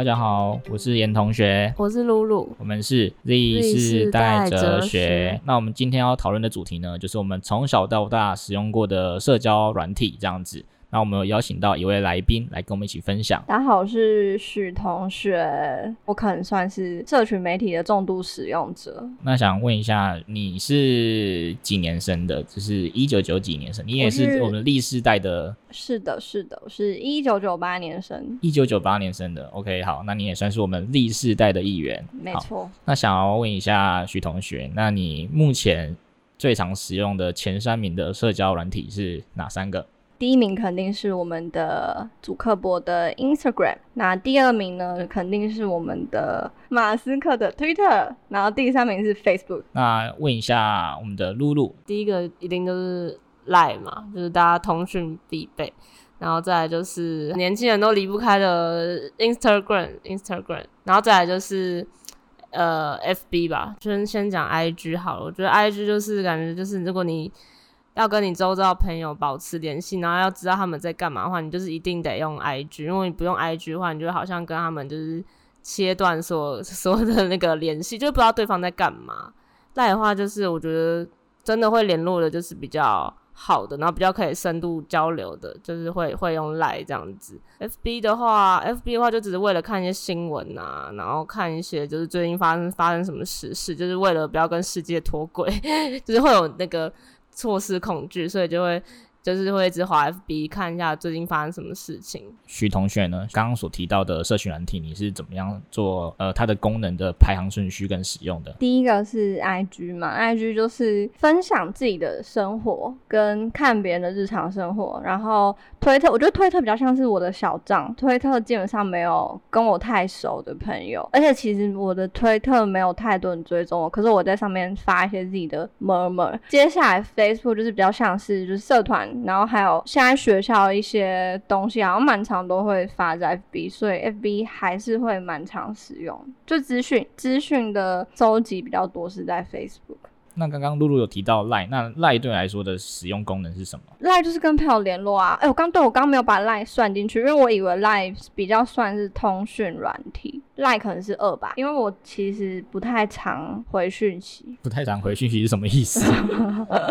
大家好，我是嚴同學，我是露露，我們是 Z 世代哲學。哲學。是。那我們今天要討論的主題呢，就是我們從小到大使用過的社交軟體這樣子。那我們有邀請到一位來賓來跟我們一起分享。大家好，我是許同學。我可能算是社群媒體的重度使用者。那想問一下，你是幾年生的？就是一九九幾年生？你也是我們 Z 世代的？我是，是的，是的，是一九九八年生。一九九八年生的。OK，好，那你也算是我們 Z 世代的一員。沒錯錯。那想要問一下許同學，那你目前最常使用的前三名的社交軟體是哪三個？第一名肯定是我們的祖克伯的 Instagram，那第二名呢，肯定是我們的馬斯克的 Twitter，然後第三名是 Facebook。那問一下我們的露露，第一個一定就是 Line 嘛，就是大家通訊必備，然後再來就是年輕人都離不開的 Instagram，Instagram，然後再來就是呃 FB 吧，就先先講 IG 好了，我覺得 IG 就是感覺就是如果你要跟你周遭的朋友保持聯繫，然後要知道他們在幹嘛的話，你就是一定得用 IG，因為你不用 IG 的話，你就好像跟他們就是切斷所，所有的那個聯繫，就不知道對方在幹嘛。賴 的話，就是我覺得真的會聯絡的，就是比較好的，然後比較可以深度交流的，就是會會用賴這樣子。FB 的話，FB 的話就只是為了看一些新聞啊，然後看一些就是最近發生發生什麼時事，就是為了不要跟世界脫軌， 就是會有那個。錯失恐懼，所以就會。就是會一直滑 FB 看一下最近發生什麼事情。徐同學呢，剛剛所提到的社群軟體，你是怎麼樣做呃它的功能的排行順序跟使用的？第一個是 IG 嘛，IG 就是分享自己的生活跟看別人的日常生活。然後推特，我覺得推特比較像是我的小賬，推特基本上沒有跟我太熟的朋友，而且其實我的推特沒有太多人追蹤我。可是我在上面發一些自己的 murmur。接下來 Facebook 就是比較像是就是社團。然後還有現在學校一些東西，好像蠻常都會發在 FB，所以 FB 還是會蠻常使用，就資訊資訊的蒐集比較多是在 Facebook。那剛剛露露有提到賴，那賴對你來說的使用功能是什麼？賴就是跟朋友聯絡啊。哎、欸，我剛對，我剛沒有把賴算進去，因為我以為賴比較算是通訊軟體，賴可能是二吧。因為我其實不太常回訊息。不太常回訊息是什麼意思？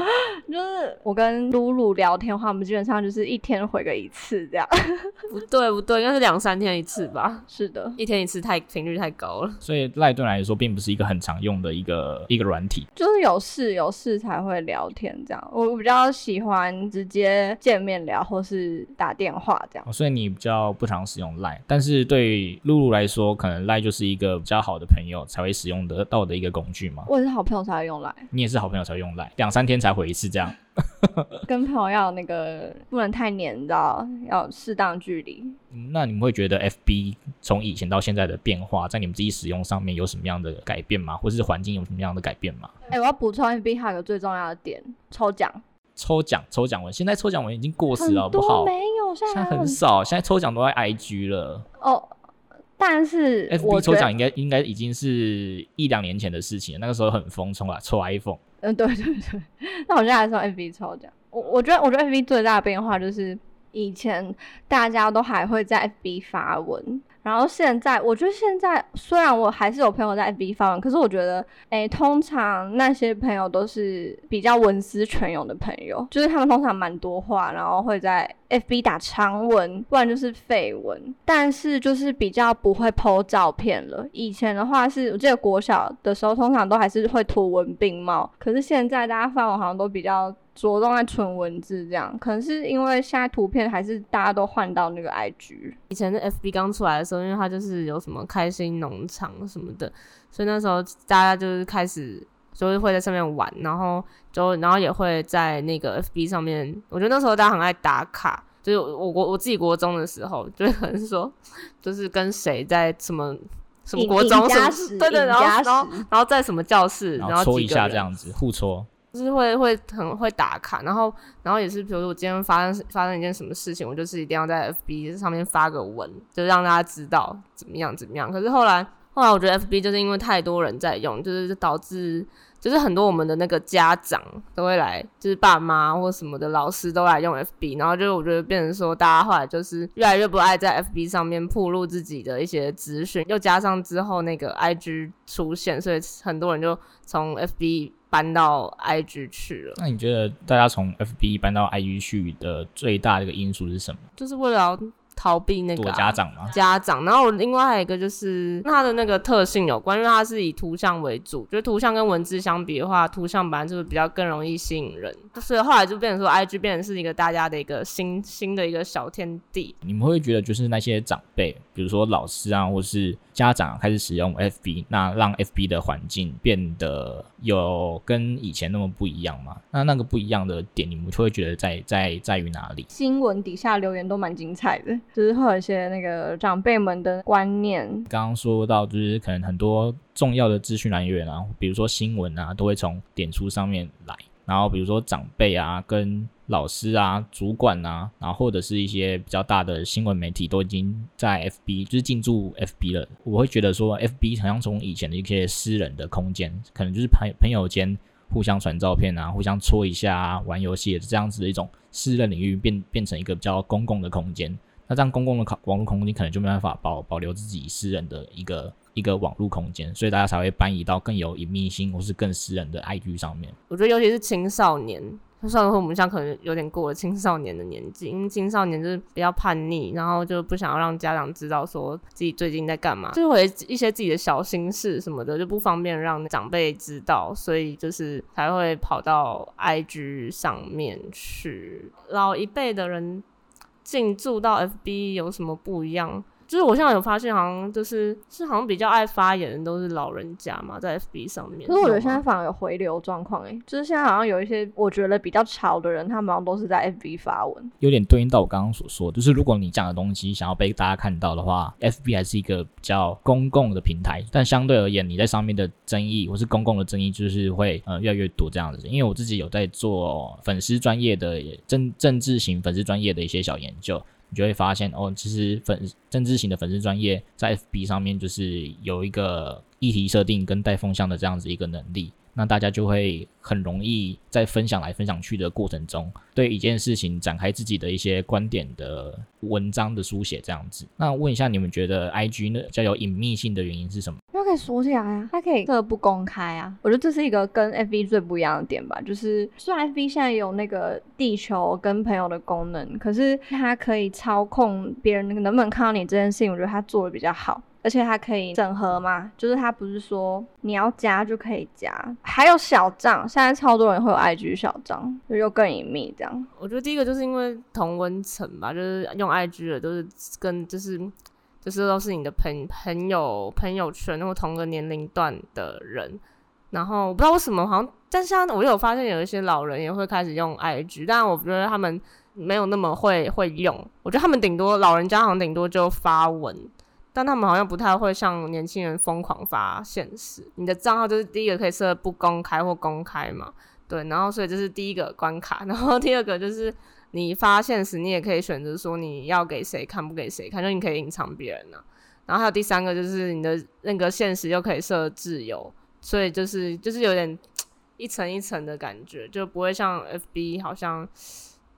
就是我跟露露聊天的話，我們基本上就是一天回個一次這樣。 不對不對，應該是兩三天一次吧。是的，一天一次太頻率太高了。所以賴對我來說，並不是一個很常用的一個一個軟體。就是有。有事有事才會聊天，這樣，我比較喜歡直接見面聊，或是打電話這樣、哦。所以你比較不常使用 Line，但是對露露來說，可能 Line 就是一個比較好的朋友才會使用得到的一個工具嘛。我也是好朋友才會用 Line，你也是好朋友才會用 Line，兩三天才回一次這樣。 跟朋友要那個不能太黏，你知道？要適當距離、嗯。那你們會覺得 F B 從以前到現在的變化，在你們自己使用上面有什麼樣的改變嗎？或者是環境有什麼樣的改變嗎？哎、欸，我要補充 FB 還有個最重要的點：抽獎。抽獎，抽獎，我現在抽獎文已經過時了，好不好。沒有，現在，現在很少。現在抽獎都在 I G 了。哦，但是 F B 抽獎應該應該已經是一兩年前的事情，那個時候很瘋，衝啊，抽 iPhone。嗯，對對對，那好像還是用 FB 抽獎。我我覺得，我覺得 FB 最大的變化就是，以前大家都還會在 FB 發文。然後現在，我覺得現在雖然我還是有朋友在 FB 發文，可是我覺得，哎、欸，通常那些朋友都是比較文思泉湧的朋友，就是他們通常蠻多話，然後會在 FB 打長文，不然就是廢文，但是就是比較不會 po 照片了。以前的話是，我記得國小的時候，通常都還是會圖文並茂，可是現在大家發文好像都比較。著重在純文字這樣，可能是因為現在圖片還是大家都換到那個 I G。以前的 F B 剛出來的時候，因為它就是有什麼開心農場什麼的，所以那時候大家就是開始，就是會在上面玩，然後就然後也會在那個 F B 上面。我覺得那時候大家很愛打卡，就是我我我自己國中的時候，就可能說，就是跟誰在什麼什麼國中，對，對對，然後然後，然後在什麼教室，然後戳一下這樣子互戳。就是會會很會打卡，然後然後也是，比如說我今天發生發生一件什麼事情，我就是一定要在 FB 上面發個文，就讓大家知道怎麼樣怎麼樣。可是後來後來，我覺得 FB 就是因為太多人在用，就是導致就是很多我們的那個家長都會來，就是爸媽或什麼的老師都來用 FB，然後就是我覺得變成說大家後來就是越來越不愛在 FB 上面暴露自己的一些資訊，又加上之後那個 IG 出現，所以很多人就從 FB。搬到 IG 去了，那你覺得大家從 FB 搬到 IG 去的最大的一個因素是什麼？就是為了逃避那個、啊、家長嗎？家長，然後另外還有一個就是那它的那個特性有關，因為它是以圖像為主，就是圖像跟文字相比的話，圖像本來就是比較更容易吸引人，所以後來就變成說 IG 變成是一個大家的一個新新的一個小天地。你們會覺得就是那些長輩，比如說老師啊，或是。家長開始使用 FB，那讓 FB 的環境變得有跟以前那麼不一樣嗎？那那個不一樣的點，你們就會覺得在在在於哪裡？新聞底下留言都蠻精彩的，就是會有一些那個長輩們的觀念。剛剛說到，就是可能很多重要的資訊來源啊，比如說新聞啊，都會從點出上面來。然後，比如說長輩啊、跟老師啊、主管吶、啊，然後或者是一些比較大的新聞媒體，都已經在 FB，就是進駐 FB 了。我會覺得說，FB 好像從以前的一些私人的空間，可能就是朋朋友間互相傳照片啊、互相戳一下、啊，玩遊戲也是這樣子的一種私人領域變，變變成一個比較公共的空間。那這樣公共的網網絡空間可能就沒辦法保保留自己私人的一個一個網絡空間，所以大家才會搬移到更有隱秘性或是更私人的 IG 上面。我覺得尤其是青少年，上回我們像可能有點過了青少年的年紀，因為青少年就是比較叛逆，然後就不想要讓家長知道說自己最近在幹嘛，就會一些自己的小心事什麼的就不方便讓長輩知道，所以就是才會跑到 IG 上面去。老一輩的人，進駐到 FB 有什麼不一樣？就是我現在有發現，好像就是是好像比較愛發言的都是老人家嘛，在 FB 上面。可是我覺得現在反而有回流狀況，欸，哎，就是現在好像有一些我覺得比較潮的人，他們好像都是在 FB 發文。有點對應到我剛剛所說，就是如果你講的東西想要被大家看到的話，FB 還是一個比較公共的平台，但相對而言，你在上面的爭議或是公共的爭議，就是會呃越來越多這樣子。因為我自己有在做粉絲專頁的也政政治型粉絲專頁的一些小研究。你就會發現哦，其實粉政治型的粉絲專業在 FB 上面就是有一個議題設定跟帶風向的這樣子一個能力，那大家就會很容易在分享來分享去的過程中，對一件事情展開自己的一些觀點的文章的書寫這樣子。那問一下，你們覺得 IG 呢，較有隱秘性的原因是什麼？再說一下呀，它可以這個、啊，不公開啊我覺得這是一個跟 F B 最不一樣的點吧。就是雖然 F B 現在有那個地球跟朋友的功能，可是它可以操控別人那個能不能看到你這件事情，我覺得它做的比較好。而且它可以整合嘛，就是它不是說你要加就可以加。還有小賬，現在超多人會有 I G 小賬，就又更隱秘這樣。我覺得第一個就是因為同溫層吧，就是用 I G 的就是跟就是。就是都是你的朋朋友朋友圈，或同個年齡段的人，然後我不知道為什麼，好像，但是我有發現有一些老人也會開始用 IG，但我覺得他們沒有那麼會會用。我覺得他們頂多老人家好像頂多就發文，但他們好像不太會像年輕人瘋狂發限時。你的賬號就是第一個可以設不公開或公開嘛。對，然後所以這是第一個關卡，然後第二個就是。你發限時，你也可以選擇說你要給誰看，不給誰看，就你可以隱藏別人呢、啊。然後還有第三個，就是你的那個限時又可以設摯友，所以就是就是有點一層一層的感覺，就不會像 FB 好像。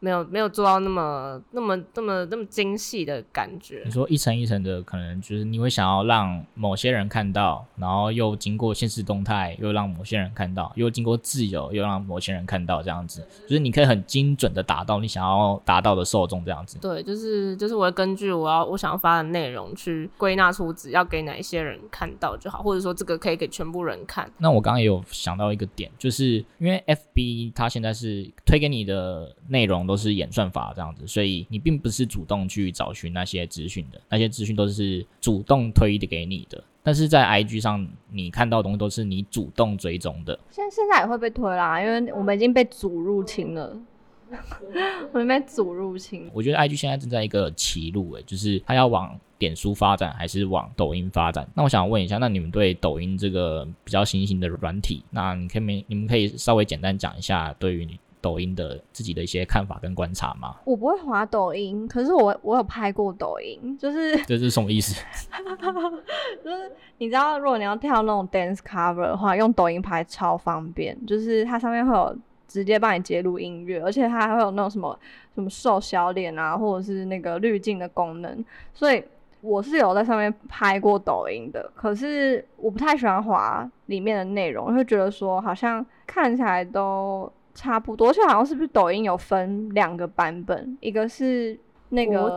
沒有沒有做到那麼那麼那麼那麼精細的感覺。你說一層一層的，可能就是你會想要讓某些人看到，然後又經過限時動態，又讓某些人看到，又經過自由，又讓某些人看到，這樣子，就是你可以很精準的達到你想要達到的受眾這樣子。對，就是就是我會根據我要我想要發的內容去歸納出只要給哪一些人看到就好，或者說這個可以給全部人看。那我剛剛也有想到一個點，就是因為 FB 它現在是推給你的內容。都是演算法這樣子，所以你並不是主動去找尋那些資訊的，那些資訊都是主動推的給你的。但是在 IG 上，你看到的東西都是你主動追蹤的。現在現在也會被推啦，因為我們已經被主入侵了。 我們被主入侵，我覺得 IG 現在正在一個歧路、欸，就是它要往臉書發展，還是往抖音發展？那我想問一下，那你們對抖音這個比較新興的軟體，那你可以沒你們可以稍微簡單講一下，對於你。抖音的自己的一些看法跟觀察嗎？我不會滑抖音，可是我我有拍過抖音，就是這是什麼意思？ 就是你知道，如果你要跳那種 dance cover 的話，用抖音拍超方便，就是它上面會有直接幫你接入音樂，而且它還會有那種什麼什麼瘦小臉啊，或者是那個濾鏡的功能，所以我是有在上面拍過抖音的，可是我不太喜歡滑裡面的內容，我會覺得說好像看起來都。差不多，就好像是不是抖音有分兩個版本，一個是那個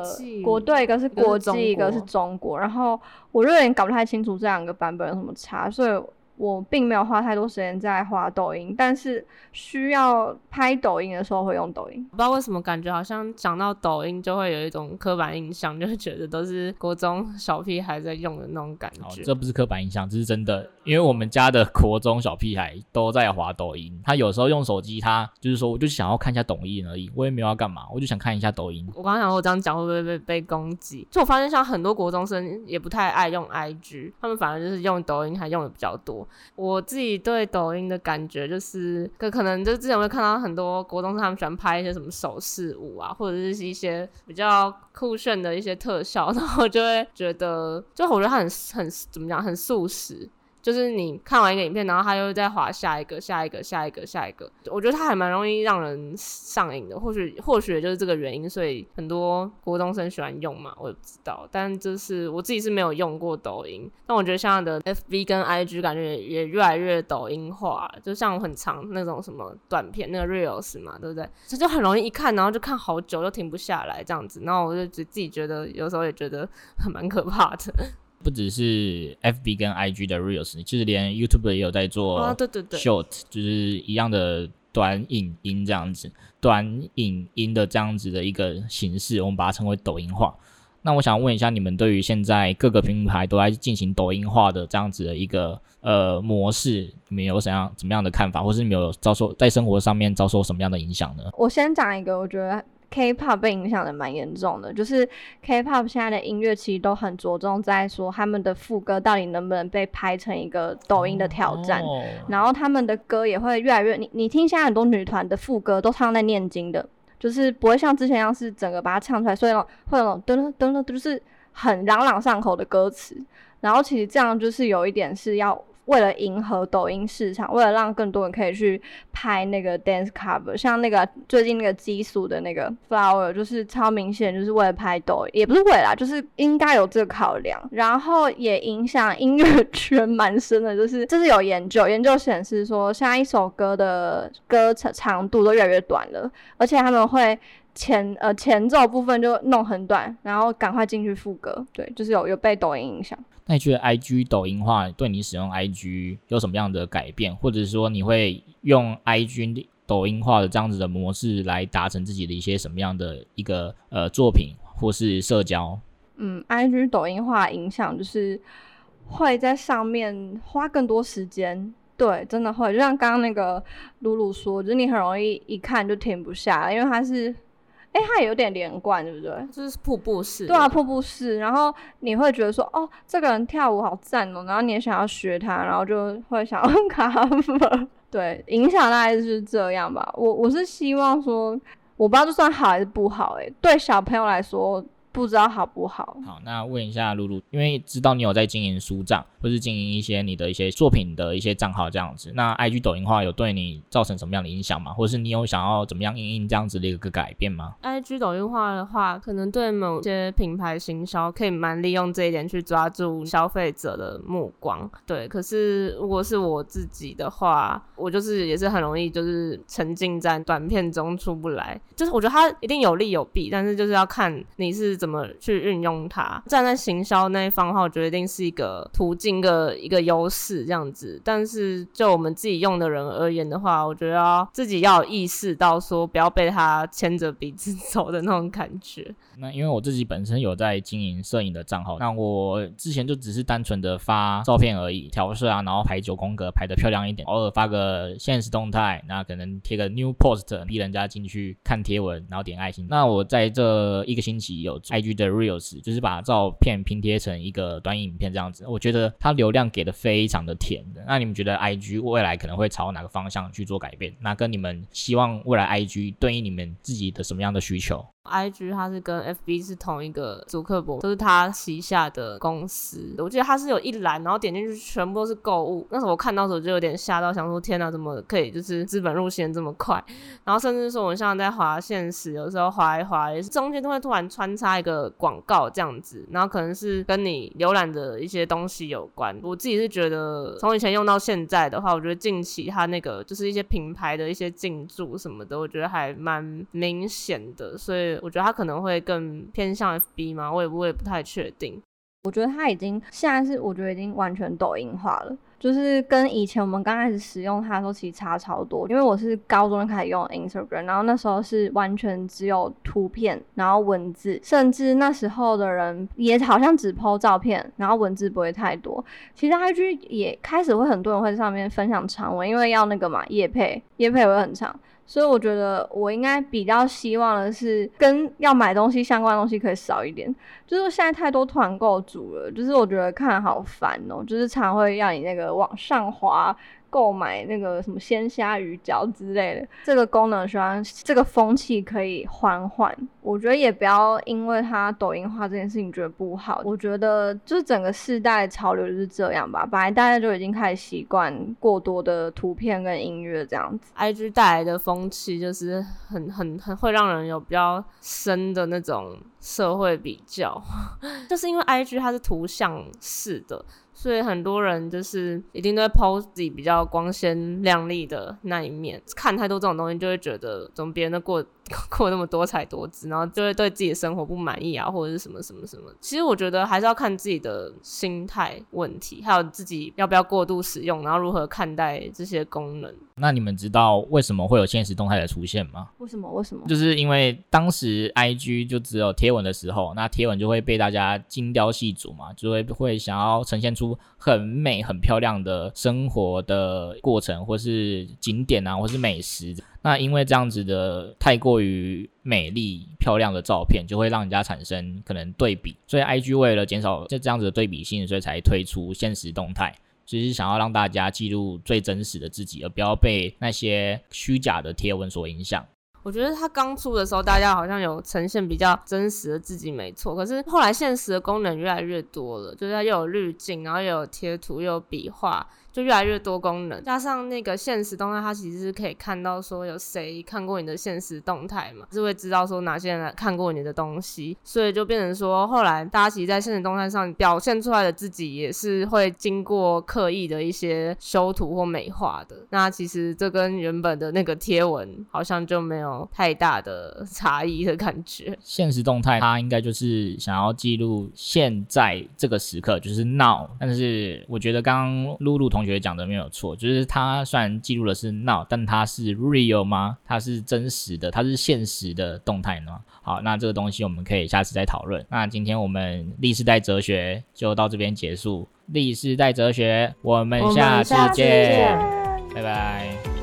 國，對，一個是國際，一個是一個是中國。然後我有點搞不太清楚這兩個版本有什麼差，所以。我並沒有花太多時間在滑抖音，但是需要拍抖音的時候會用抖音。不知道為什麼感覺好像講到抖音就會有一種刻板印象，就是覺得都是國中小屁孩在用的那種感覺。這不是刻板印象，這是真的，因為我們家的國中小屁孩都在滑抖音。他有時候用手機，他就是說我就想要看一下抖音而已，我也沒有要幹嘛，我就想看一下抖音。我剛剛想說我這樣講會不會被被攻擊？就我發現像很多國中生也不太愛用 IG，他們反而就是用抖音還用的比較多。我自己對抖音的感覺就是，可可能就之前會看到很多國中生他們喜歡拍一些什麼手勢舞啊，或者是些一些比較酷炫的一些特效，然後就會覺得，就我覺得他很很怎麼講，很速食。就是你看完一個影片，然後他又再滑下一個、下一個、下一個、下一個，我覺得他還蠻容易讓人上癮的。或許或許也就是這個原因，所以很多國中生喜歡用嘛，我也不知道。但就是我自己是沒有用過抖音，但我覺得現在的 FB 跟 IG 感覺也，也越來越抖音化，就像很長那種什麼短片那個 Reels 嘛，對不對？他就很容易一看，然後就看好久，都停不下來這樣子。然後我就覺自己覺得有時候也覺得很蠻可怕的。不只是 F B 跟 I G 的 Reels，其實連 YouTube 也有在做 Short，啊對對對，就是一樣的短影音這樣子，短影音的這樣子的一個形式，我們把它稱為抖音化。那我想問一下，你們對於現在各個平台都在進行抖音化的這樣子的一個呃模式，你們有什麼樣怎麼樣的看法，或是你們有遭受在生活上面遭受什麼樣的影響呢？我先講一個，我覺得。K-pop 被影響的蠻嚴重的，就是 K-pop 現在的音樂其實都很着重在說他們的副歌到底能不能被拍成一個抖音的挑戰，嗯哦、然後他們的歌也會越來越，你你聽現在很多女團的副歌都唱在念經的，就是不會像之前一樣是整個把它唱出來，所以有種會那種噔噔噔噔，就是很朗朗上口的歌詞，然後其實這樣就是有一點是要。為了迎合抖音市場，為了讓更多人可以去拍那個 dance cover，像那個最近那個 Jisoo 的那個 flower，就是超明顯，就是為了拍抖音，也不是為了，就是應該有這個考量。然後也影響音樂圈蠻深的，就是這是有研究，研究顯示說，下一首歌的歌詞長度都越來越短了，而且他們會。前呃，前奏部分就弄很短，然後趕快進去副歌。對，就是有有被抖音影響。那你覺得 IG 抖音化對你使用 IG 有什麼樣的改變？或者說你會用 IG 抖音化的這樣子的模式來達成自己的一些什麼樣的一個呃作品或是社交？嗯，IG 抖音化影響就是會在上面花更多時間。哇對，真的會，就像剛剛那個露露說，就是你很容易一看就停不下來，因為它是。哎、欸，他也有點連貫，對不對？就是瀑布式。對啊，瀑布式。然後你會覺得說，哦、喔，這個人跳舞好讚哦、喔，然後你也想要學他，然後就會想要 cover。對，影響大概就是這樣吧。我我是希望說，我不知道這算好還是不好、欸。哎，對小朋友來說。不知道好不好？好，那問一下露露，因為知道你有在經營書帳，或是經營一些你的一些作品的一些賬號這樣子。那 IG 抖音化有對你造成什麼樣的影響嗎？或是你有想要怎麼樣因應這樣子的一個改變嗎？IG 抖音化的話，可能對某些品牌行銷可以蠻利用這一點去抓住消費者的目光。對，可是如果是我自己的話，我就是也是很容易就是沉浸在短片中出不來。就是我覺得它一定有利有弊，但是就是要看你是。怎麼去運用它？站在行銷那一方的話，我覺得一定是一個途徑的一個優勢這樣子。但是就我們自己用的人而言的話，我覺得自己要有意識到說不要被他牽着鼻子走的那種感覺。那因為我自己本身有在經營攝影的賬號，那我之前就只是單純的發照片而已，調色啊，然後排九宮格排的漂亮一點，偶爾發個限時動態，那可能貼個 New Post，逼人家進去看貼文，然後點愛心。那我在這一個星期有，IG 的 Reels 就是把照片拼貼成一個短影片這樣子，我覺得它流量給的非常的甜的。那你們覺得 IG 未來可能會朝哪個方向去做改變？那跟你們希望未來 IG 對應你們自己的什麼樣的需求？IG 它是跟 FB 是同一個祖克柏，就是他旗下的公司。我記得它是有一欄，然後點進去全部都是購物。那時候我看到的時候就有點嚇到，想說天啊，怎麼可以就是資本入侵這麼快？然後甚至說我們像在滑限時，有時候滑一滑也是，中間都會突然穿插一個廣告這樣子，然後可能是跟你瀏覽的一些東西有關。我自己是覺得從以前用到現在的話，我覺得近期它那個就是一些品牌的一些進駐什麼的，我覺得還蠻明顯的，所以。我覺得他可能會更偏向 FB 嗎？我也我也不太確定。我覺得他已經現在是我覺得已經完全抖音化了，就是跟以前我們剛開始使用它的時候其實差超多。因為我是高中就開始用 Instagram，然後那時候是完全只有圖片，然後文字，甚至那時候的人也好像只 po 照片，然後文字不會太多。其實 IG 也開始會很多人會在上面分享長文，因為要那個嘛，業配業配會很長。所以我覺得我應該比較希望的是跟要買東西相關的東西可以少一點，就是現在太多團購組了，就是我覺得看好煩哦，就是常會讓你那個往上滑。購買那個什麼鮮蝦魚餃之類的，這個功能雖然這個風氣可以緩緩。我覺得也不要因為它抖音化這件事情覺得不好。我覺得就是整個世代的潮流就是這樣吧，本來大家就已經開始習慣過多的圖片跟音樂這樣子。IG 帶來的風氣就是很很很會讓人有比較深的那種社會比較， 就是因為 IG 它是圖像式的。所以很多人就是一定都在 pose 自己比較光鮮亮麗的那一面，看太多這種東西，就會覺得怎麼別人的過。過那麼多彩多姿，然後就會對自己的生活不滿意啊，或者是什麼什麼什麼。其實我覺得還是要看自己的心態問題，還有自己要不要過度使用，然後如何看待這些功能。那你們知道為什麼會有限時動態的出現嗎？為什麼？為什麼？就是因為當時 IG 就只有貼文的時候，那貼文就會被大家精雕細琢嘛，就會會想要呈現出很美、很漂亮的生活的過程，或是景點啊，或是美食。那因為這樣子的太過於美麗漂亮的照片，就會讓人家產生可能對比，所以 IG 為了減少就這樣子的對比性，所以才推出限時動態，只、就是想要讓大家記錄最真實的自己，而不要被那些虛假的貼文所影響。我覺得它剛出的時候，大家好像有呈現比較真實的自己，沒錯。可是後來限時動態的功能越來越多了，就是他又有濾鏡，然後又有貼圖，又有筆畫。就越來越多功能，加上那個限時動態，它其實是可以看到說有誰看過你的限時動態嘛，是會知道說哪些人看過你的東西，所以就變成說，後來大家其實在限時動態上表現出來的自己，也是會經過刻意的一些修圖或美化的。那其實這跟原本的那個貼文好像就沒有太大的差異的感覺。限時動態它應該就是想要記錄現在這個時刻，就是 now。但是我覺得剛剛露露同。同學講的沒有錯，就是它雖然記錄的是 now，但它是 real 嗎？它是真實的，它是現實的動態嗎？好，那這個東西我們可以下次再討論。那今天我們歷史帶哲學就到這邊結束，歷史帶哲學，我們下次見，我們下次見，拜拜。